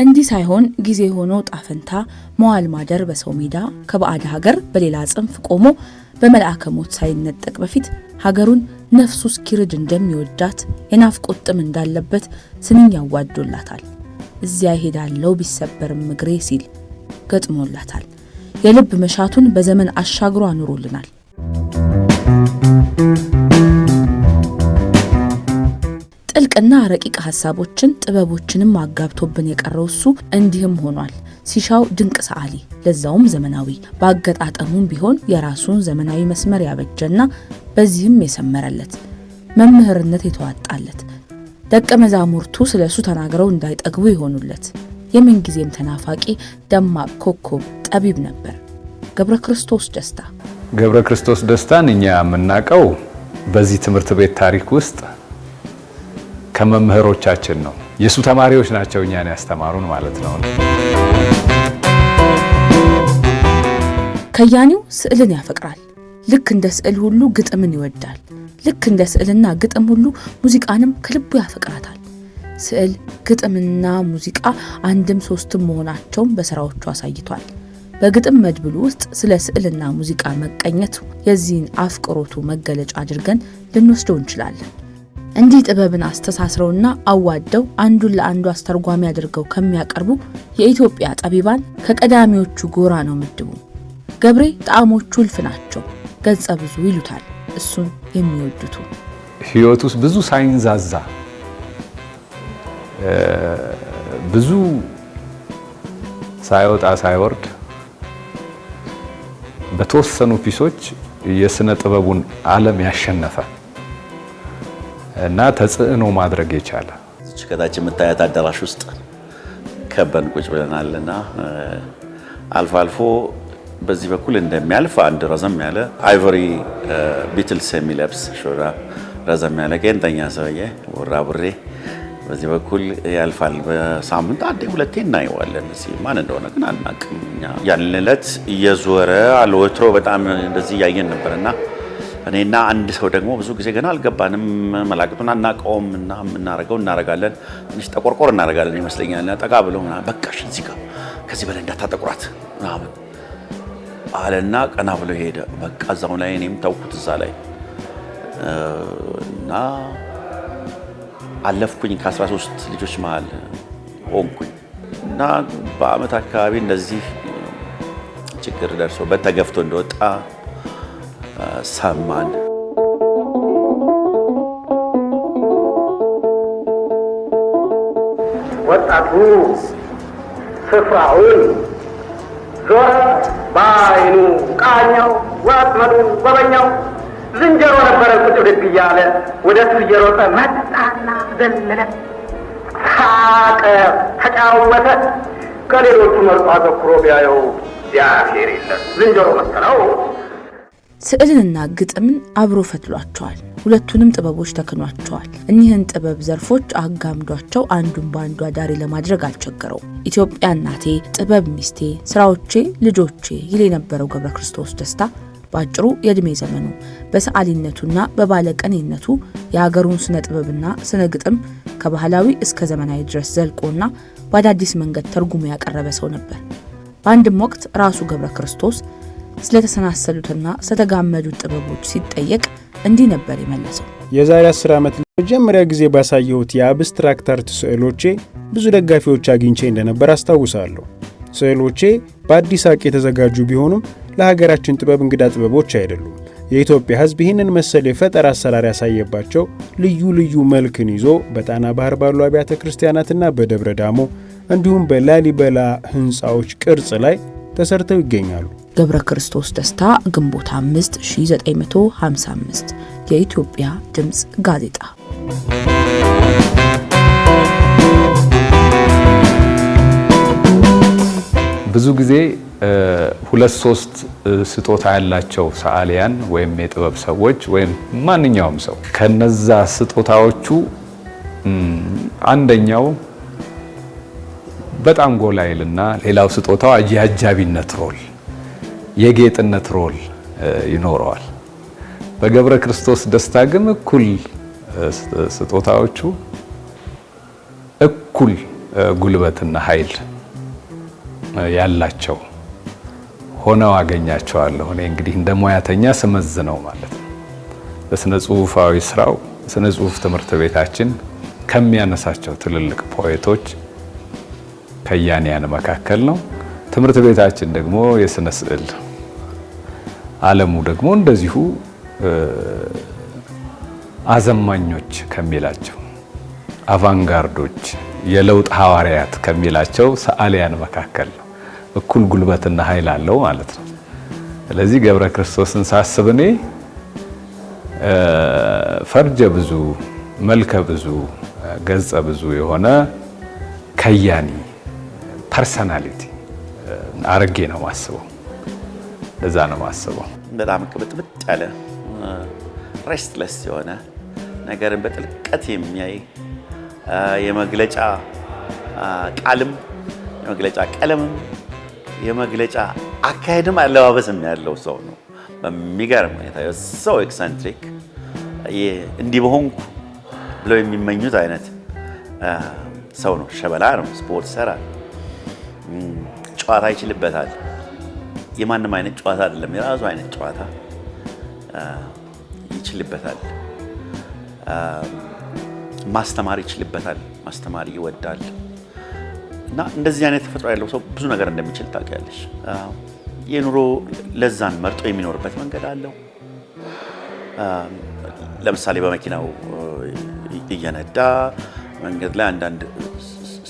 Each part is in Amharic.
እንዲህ ሳይሆን ጊዜ ሆኖ ጣፈንታ መዋል ማደር በሰው ሜዳ ከባዕድ ሀገር በሌላ ጽንፍ ቆሞ በመልአከ ሞት ሳይነጠቅ በፊት ሀገሩን ነፍሱ እስኪርድ እንደሚወዳት የናፍቆት ጥም እንዳለበት ስንኝ ያዋዶላታል። እዚያ ይሄዳለው ቢሰበርም እግሬ ሲል ገጥሞላታል። የልብ መሻቱን በዘመን አሻግሮ አኑሮልናል። ጥልቅና ረቂቅ ሀሳቦችን ጥበቦችንም አጋብቶብን የቀረው እሱ እንዲህም ሆኗል። ሲሻው ድንቅ ሰዓሊ፣ ለዛውም ዘመናዊ፣ በአገጣጠሙም ቢሆን የራሱን ዘመናዊ መስመር ያበጀና በዚህም የሰመረለት መምህርነት የተዋጣለት ደቀ መዛሙርቱ ስለ እሱ ተናግረው እንዳይጠግቡ የሆኑለት የምንጊዜም ተናፋቂ ደማቅ ኮከብ ጠቢብ ነበር ገብረ ክርስቶስ ደስታ። ገብረ ክርስቶስ ደስታን እኛ የምናውቀው በዚህ ትምህርት ቤት ታሪክ ውስጥ ከመምህሮቻችን ነው። የእሱ ተማሪዎች ናቸው እኛን ያስተማሩን ማለት ነው። ከያኒው ስዕልን ያፈቅራል። ልክ እንደ ስዕል ሁሉ ግጥምን ይወዳል። ልክ እንደ ስዕልና ግጥም ሁሉ ሙዚቃንም ከልቡ ያፈቅራታል። ስዕል፣ ግጥምና ሙዚቃ አንድም ሶስትም መሆናቸውን በስራዎቹ አሳይቷል። በግጥም መድብሉ ውስጥ ስለ ስዕልና ሙዚቃ መቀኘት የዚህን አፍቅሮቱ መገለጫ አድርገን ልንወስደው እንችላለን። እንዲህ ጥበብን አስተሳስረውና አዋደው አንዱን ለአንዱ አስተርጓሚ አድርገው ከሚያቀርቡ የኢትዮጵያ ጠቢባን ከቀዳሚዎቹ ጎራ ነው ምድቡ። ገብሬ ጣዕሞቹ እልፍ ናቸው። ገጸ ብዙ ይሉታል እሱን የሚወዱቱ። ህይወት ውስጥ ብዙ ሳይንዛዛ ብዙ ሳይወጣ ሳይወርድ በተወሰኑ ፒሶች የስነ ጥበቡን ዓለም ያሸነፈ እና ተጽዕኖ ማድረግ የቻለ ከታች የምታያት አዳራሽ ውስጥ ከበን ቁጭ ብለናልና አልፎ አልፎ በዚህ በኩል እንደሚያልፍ አንድ ረዘም ያለ አይቨሪ ቢትልስ የሚለብስ ሾራ ረዘም ያለ ቄንጠኛ ሰውዬ ወራብሬ በዚህ በኩል ያልፋል። በሳምንት አንዴ ሁለቴ እናየዋለን። እዚህ ማን እንደሆነ ግን አናውቅም። ያን ዕለት እየዞረ አልወትሮ በጣም እንደዚህ እያየን ነበርና እኔና አንድ ሰው ደግሞ ብዙ ጊዜ ገና አልገባንም፣ መላቅቱን አናውቀውም እና የምናደርገው እናደርጋለን፣ ትንሽ ጠቆርቆር እናደርጋለን ይመስለኛል። ጠጋ ብሎ በቃሽ፣ እዚህ ጋር ከዚህ በላይ እንዳታጠቁራት ምናምን አለና ቀና ብሎ ሄደ። በቃ እዛው ላይ እኔም ተውኩት እዛ ላይ እና አለፍኩኝ። ከ13 ልጆች መሀል ሆንኩኝ እና በአመት አካባቢ እንደዚህ ችግር ደርሶበት ተገፍቶ እንደወጣ ሰማን። ወጣቱ ስፍራውን ዞረ። በአይኑ ቃኛው፣ ወጥመዱ ጎበኛው። ዝንጀሮ ነበረ ቁጭ ብድግ እያለ ወደ እሱ እየሮጠ መጣና ዘለለ፣ ሳቀ፣ ተጫወተ። ከሌሎቹ መርጦ አተኩሮ ቢያየው እግዚአብሔር የለም ዝንጀሮ መሰለው። ስዕልንና ግጥምን አብሮ ፈትሏቸዋል። ሁለቱንም ጥበቦች ተክኗቸዋል። እኒህን ጥበብ ዘርፎች አጋምዷቸው አንዱን በአንዱ አዳሪ ለማድረግ አልቸገረው። ኢትዮጵያ እናቴ፣ ጥበብ ሚስቴ፣ ስራዎቼ ልጆቼ ይል የነበረው ገብረ ክርስቶስ ደስታ በአጭሩ የዕድሜ ዘመኑ በሰዓሊነቱና በባለቀኔነቱ የሀገሩን ስነ ጥበብና ስነ ግጥም ከባህላዊ እስከ ዘመናዊ ድረስ ዘልቆና በአዳዲስ መንገድ ተርጉሞ ያቀረበ ሰው ነበር። በአንድም ወቅት ራሱ ገብረ ክርስቶስ ስለተሰናሰሉትና ስለተጋመዱት ጥበቦች ሲጠየቅ እንዲህ ነበር የመለሰው። የዛሬ አስር ዓመት መጀመሪያ ጊዜ ባሳየሁት የአብስትራክት አርት ስዕሎቼ ብዙ ደጋፊዎች አግኝቼ እንደነበር አስታውሳለሁ። ስዕሎቼ በአዲስ አቅ የተዘጋጁ ቢሆኑም ለሀገራችን ጥበብ እንግዳ ጥበቦች አይደሉም። የኢትዮጵያ ሕዝብ ይህንን መሰል የፈጠራ አሰራር ያሳየባቸው ልዩ ልዩ መልክን ይዞ በጣና ባህር ባሉ አብያተ ክርስቲያናትና በደብረ ዳሞ እንዲሁም በላሊበላ ሕንፃዎች ቅርጽ ላይ ተሰርተው ይገኛሉ። ገብረ ክርስቶስ ደስታ ግንቦት 5 1955 የኢትዮጵያ ድምፅ ጋዜጣ ብዙ ጊዜ ሁለት ሶስት ስጦታ ያላቸው ሰዓሊያን ወይም የጥበብ ሰዎች ወይም ማንኛውም ሰው ከነዛ ስጦታዎቹ አንደኛው በጣም ጎላ ይልና ሌላው ስጦታው አጃቢነት ሮል የጌጥነት ሮል ይኖረዋል። በገብረ ክርስቶስ ደስታ ግን እኩል ስጦታዎቹ እኩል ጉልበትና ኃይል ያላቸው ሆነው አገኛቸዋለሁ። እኔ እንግዲህ እንደ ሙያተኛ ስመዝ ነው ማለት ነው። በስነ ጽሁፋዊ ስራው ስነ ጽሁፍ ትምህርት ቤታችን ከሚያነሳቸው ትልልቅ ፖኤቶች ከያንያን መካከል ነው። ትምህርት ቤታችን ደግሞ የስነ ስዕል አለሙ ደግሞ እንደዚሁ አዘማኞች ከሚላቸው አቫንጋርዶች የለውጥ ሐዋርያት ከሚላቸው ሰዓሊያን መካከል ነው። እኩል ጉልበትና ኃይል አለው ማለት ነው። ስለዚህ ገብረ ክርስቶስን ሳስብ እኔ ፈርጀ ብዙ መልከ ብዙ ገጸ ብዙ የሆነ ከያኒ ፐርሰናሊቲ አርጌ ነው ማስበው። እዛ ነው ማስበው። በጣም ቅብጥብጥ ያለ ሬስትለስ የሆነ ነገርን በጥልቀት የሚያይ የመግለጫ ቃልም የመግለጫ ቀለምም የመግለጫ አካሄድም አለባበስም ያለው ሰው ነው። በሚገርም ሁኔታ ሰው ኤክሰንትሪክ እንዲህ በሆንኩ ብለው የሚመኙት አይነት ሰው ነው። ሸበላ ነው፣ ስፖርት ይሰራል፣ ጨዋታ ይችልበታል። የማንም አይነት ጨዋታ አይደለም፣ የራሱ አይነት ጨዋታ ይችልበታል፣ ማስተማር ይችልበታል፣ ማስተማር ይወዳል እና እንደዚህ አይነት ተፈጥሮ ያለው ሰው ብዙ ነገር እንደሚችል ታውቂያለሽ። የኑሮ ለዛን መርጦ የሚኖርበት መንገድ አለው። ለምሳሌ በመኪናው እየነዳ መንገድ ላይ አንዳንድ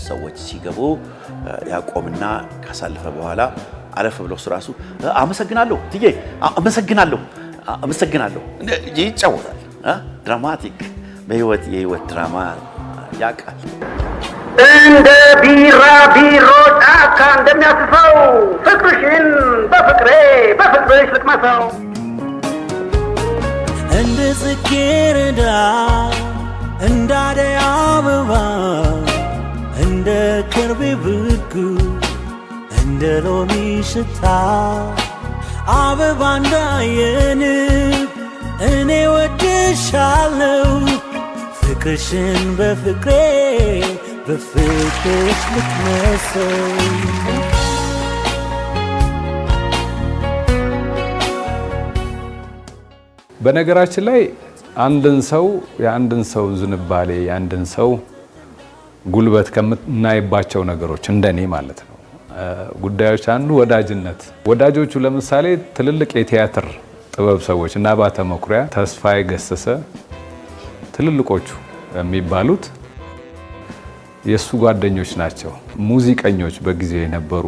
ሰዎች ሲገቡ ያቆምና ካሳለፈ በኋላ አለፍ ብሎ እራሱ አመሰግናለሁ ትዬ አመሰግናለሁ አመሰግናለሁ ይጫወታል። ድራማቲክ በህይወት የህይወት ድራማ ያውቃል። እንደ ቢራ ቢሮ ጫካ እንደሚያስፈው ፍቅርሽን በፍቅሬ በፍቅርሽ ልቅመሰው እንደ ጽጌረዳ እንደ ሎሚ ሽታ አበባ እንዳየን እኔ ወድሻለው ፍቅርሽን በፍቅሬ በፍቅርሽ ልትመሰይ በነገራችን ላይ አንድን ሰው የአንድን ሰው ዝንባሌ የአንድን ሰው ጉልበት ከምናይባቸው ነገሮች እንደኔ ማለት ነው ጉዳዮች አንዱ ወዳጅነት። ወዳጆቹ ለምሳሌ ትልልቅ የቲያትር ጥበብ ሰዎች እና ባተ መኩሪያ፣ ተስፋዬ ገሰሰ ትልልቆቹ የሚባሉት የእሱ ጓደኞች ናቸው። ሙዚቀኞች በጊዜ የነበሩ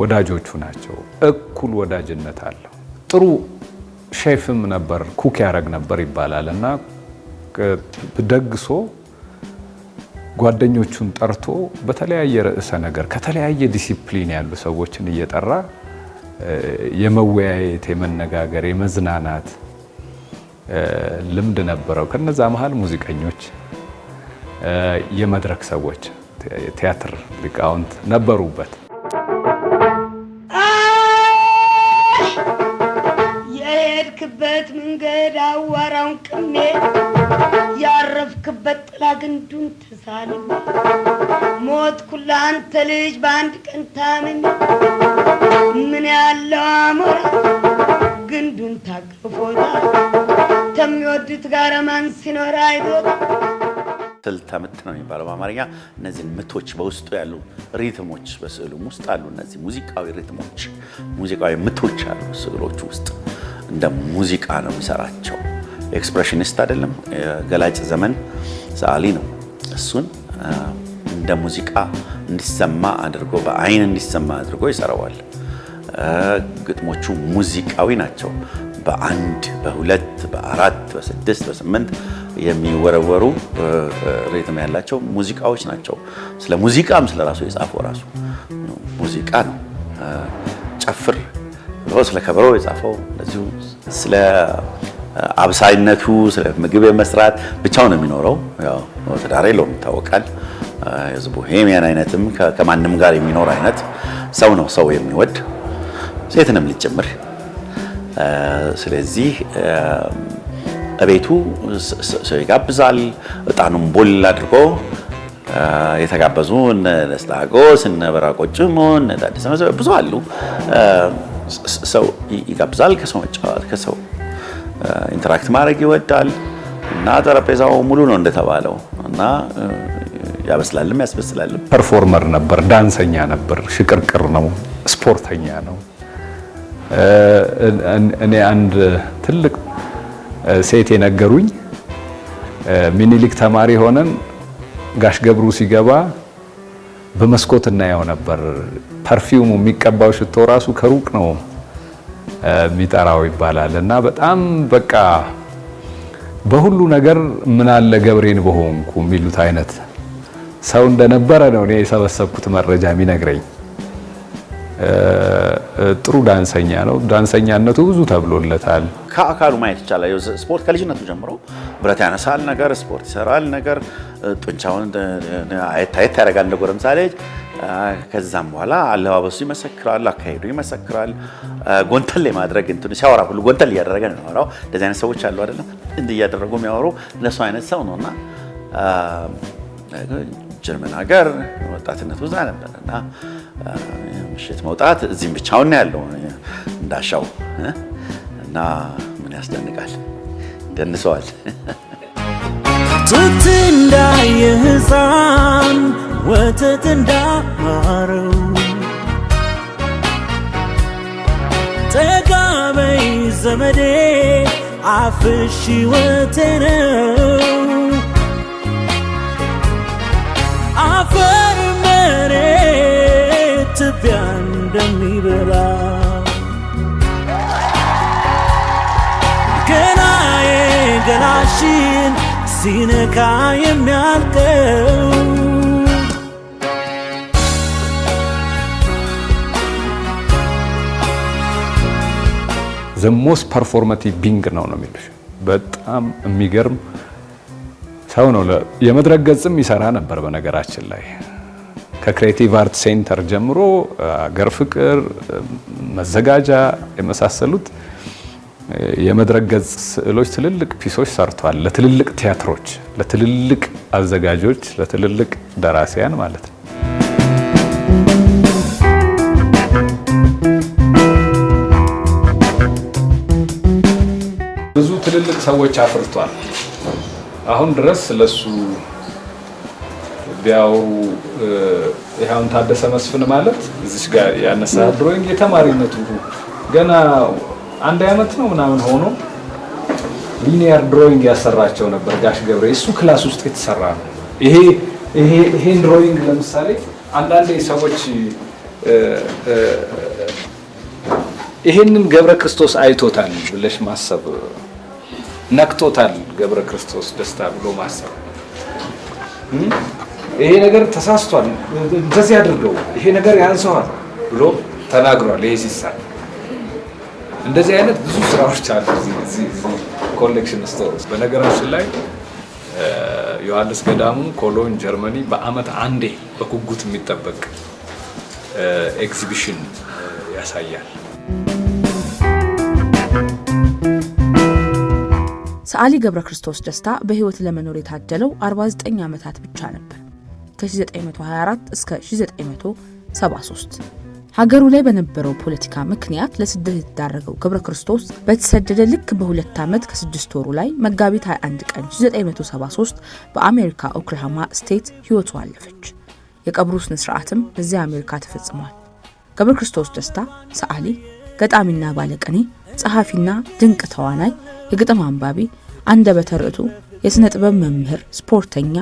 ወዳጆቹ ናቸው። እኩል ወዳጅነት አለው። ጥሩ ሼፍም ነበር፣ ኩክ ያደረግ ነበር ይባላል እና ደግሶ ጓደኞቹን ጠርቶ በተለያየ ርዕሰ ነገር ከተለያየ ዲሲፕሊን ያሉ ሰዎችን እየጠራ የመወያየት፣ የመነጋገር፣ የመዝናናት ልምድ ነበረው። ከነዛ መሀል ሙዚቀኞች፣ የመድረክ ሰዎች፣ ቲያትር ሊቃውንት ነበሩበት። ጥላ ግንዱን ትሳል ሞት ኩላ ልጅ በአንድ ቀን ምን ያለው አሞራ ግንዱን ታቅፎታ ከሚወዱት ጋር ማን ሲኖር አይዶት ስልተ ምት ነው የሚባለው በአማርኛ። እነዚህን ምቶች በውስጡ ያሉ ሪትሞች በስዕሉም ውስጥ አሉ። እነዚህ ሙዚቃዊ ሪትሞች፣ ሙዚቃዊ ምቶች አሉ ስዕሎች ውስጥ እንደ ሙዚቃ ነው የሚሰራቸው። ኤክስፕሬሽኒስት አይደለም፣ የገላጭ ዘመን ሰዓሊ ነው። እሱን እንደ ሙዚቃ እንዲሰማ አድርጎ በአይን እንዲሰማ አድርጎ ይሰራዋል። ግጥሞቹ ሙዚቃዊ ናቸው። በአንድ በሁለት በአራት በስድስት በስምንት የሚወረወሩ ሪትም ያላቸው ሙዚቃዎች ናቸው። ስለ ሙዚቃም ስለ ራሱ የጻፈው ራሱ ሙዚቃ ነው። ጨፍር ብሎ ስለ ከበሮ የጻፈው እንደዚሁ ስለ አብሳይነቱ ስለ ምግብ መስራት ብቻው ነው የሚኖረው። ያው ትዳር የለውም ይታወቃል። ቦሄሚያን አይነትም ከማንም ጋር የሚኖር አይነት ሰው ነው ሰው የሚወድ ሴትንም ሊጨምር። ስለዚህ እቤቱ ሰው ይጋብዛል። እጣኑም ቦል አድርጎ የተጋበዙ እነ ደስታጎስ እነ በራቆጭሞ እነ ታደሰ ብዙ አሉ። ሰው ይጋብዛል። ከሰው መጫወት ከሰው ኢንተራክት ማድረግ ይወዳል እና ጠረጴዛው ሙሉ ነው እንደተባለው እና ያበስላልም ያስበስላልም። ፐርፎርመር ነበር፣ ዳንሰኛ ነበር፣ ሽቅርቅር ነው፣ ስፖርተኛ ነው። እኔ አንድ ትልቅ ሴት የነገሩኝ ሚኒሊክ ተማሪ ሆነን ጋሽ ገብሩ ሲገባ በመስኮት እናየው ነበር። ፐርፊውሙ የሚቀባው ሽቶ ራሱ ከሩቅ ነው የሚጠራው ይባላል እና በጣም በቃ በሁሉ ነገር ምናለ ገብሬን በሆንኩ የሚሉት አይነት ሰው እንደነበረ ነው እኔ የሰበሰብኩት መረጃ የሚነግረኝ። ጥሩ ዳንሰኛ ነው። ዳንሰኛነቱ ብዙ ተብሎለታል። ከአካሉ ማየት ይቻላል። ስፖርት ከልጅነቱ ጀምሮ ብረት ያነሳል ነገር ስፖርት ይሰራል ነገር ጡንቻውን አየት አየት ያደርጋል እንደ ጎረምሳ ከዛም በኋላ አለባበሱ ይመሰክራል፣ አካሄዱ ይመሰክራል። ጎንተል የማድረግ እንትን ሲያወራ ሁሉ ጎንተል እያደረገ ነው የሚያወራው። እንደዚህ አይነት ሰዎች አሉ አይደለም፣ እንዲህ እያደረጉ የሚያወሩ ለሱ አይነት ሰው ነው እና ጀርመን ሀገር ወጣትነት ውዛ ነበር እና ምሽት መውጣት እዚህም ብቻውን ያለው እንዳሻው እና ምን ያስደንቃል፣ ደንሰዋል። ጡት እንዳ የሕፃን ወተት እንዳማረው ጠጋ ዘመዴ አፍሽ ወተነ ሲነካ የሚያልቀው ዘሞስት ፐርፎርማቲቭ ቢንግ ነው ነው የሚሉሽ። በጣም የሚገርም ሰው ነው። የመድረክ ገጽም ይሰራ ነበር በነገራችን ላይ ከክሬቲቭ አርት ሴንተር ጀምሮ አገር ፍቅር፣ መዘጋጃ የመሳሰሉት የመድረክ ገጽ ስዕሎች ትልልቅ ፒሶች ሰርቷል። ለትልልቅ ቲያትሮች፣ ለትልልቅ አዘጋጆች፣ ለትልልቅ ደራሲያን ማለት ነው። ብዙ ትልልቅ ሰዎች አፍርቷል። አሁን ድረስ ለሱ ቢያወሩ ይኸውን ታደሰ መስፍን ማለት እዚች ጋር ያነሳ ድሮይንግ የተማሪነቱ ገና አንድ አመት ነው ምናምን ሆኖ ሊኒየር ድሮይንግ ያሰራቸው ነበር ጋሽ ገብረ። እሱ ክላስ ውስጥ የተሰራ ነው። ይሄ ይሄ ይሄን ድሮይንግ ለምሳሌ አንዳንዴ ሰዎች ይሄንን ገብረ ክርስቶስ አይቶታል ብለሽ ማሰብ ነክቶታል፣ ገብረ ክርስቶስ ደስታ ብሎ ማሰብ ይሄ ነገር ተሳስቷል፣ እንደዚህ አድርገው ይሄ ነገር ያንሰዋል ብሎ ተናግሯል። ይሄ ሲሳል እንደዚህ አይነት ብዙ ስራዎች አሉ እዚህ ኮሌክሽን ስቶር በነገራችን ላይ ዮሐንስ ገዳሙ ኮሎን ጀርመኒ በአመት አንዴ በጉጉት የሚጠበቅ ኤግዚቢሽን ያሳያል። ሰዓሊ ገብረ ክርስቶስ ደስታ በህይወት ለመኖር የታደለው 49 ዓመታት ብቻ ነበር ከ1924 እስከ 1973 ሀገሩ ላይ በነበረው ፖለቲካ ምክንያት ለስደት የተዳረገው ገብረ ክርስቶስ በተሰደደ ልክ በሁለት ዓመት ከስድስት ወሩ ላይ መጋቢት 21 ቀን 1973 በአሜሪካ ኦክላሃማ ስቴት ህይወቱ አለፈች። የቀብሩ ስነ ስርዓትም እዚያ አሜሪካ ተፈጽሟል። ገብረ ክርስቶስ ደስታ ሰዓሊ፣ ገጣሚና ባለቅኔ፣ ጸሐፊና ድንቅ ተዋናይ፣ የግጥም አንባቢ፣ አንደበተ ርቱዕ፣ የሥነ ጥበብ መምህር፣ ስፖርተኛ፣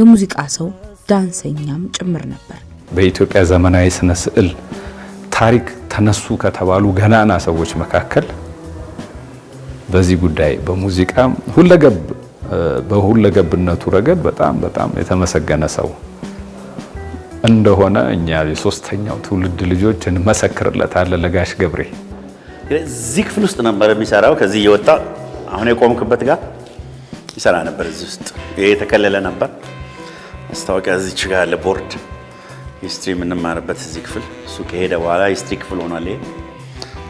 የሙዚቃ ሰው፣ ዳንሰኛም ጭምር ነበር። በኢትዮጵያ ዘመናዊ ስነ ስዕል ታሪክ ተነሱ ከተባሉ ገናና ሰዎች መካከል በዚህ ጉዳይ በሙዚቃ ሁለገብ በሁለገብነቱ ረገድ በጣም በጣም የተመሰገነ ሰው እንደሆነ እኛ የሶስተኛው ትውልድ ልጆች እንመሰክርለታለን። ለጋሽ ገብሬ እዚህ ክፍል ውስጥ ነበር የሚሰራው። ከዚህ እየወጣ አሁን የቆምክበት ጋር ይሰራ ነበር። እዚህ ውስጥ የተከለለ ነበር። ማስታወቂያ እዚች ጋር አለ ቦርድ ሂስትሪ የምንማርበት እዚህ ክፍል እሱ ከሄደ በኋላ ሂስትሪ ክፍል ሆኗል።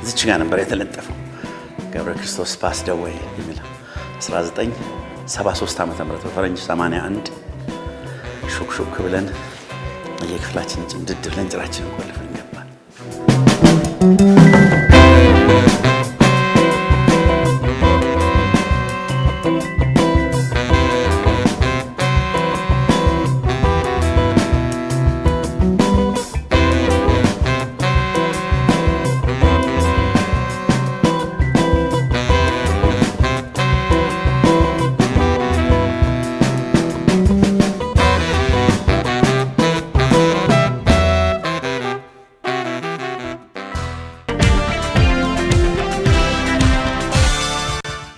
እዚች ጋር ነበር የተለጠፈው ገብረ ክርስቶስ ፓስ ደዌ የሚል 1973 ዓ ም በፈረንጅ 81 ሹክሹክ ብለን እየክፍላችን ድድብለን ጭራችን ቆልፈን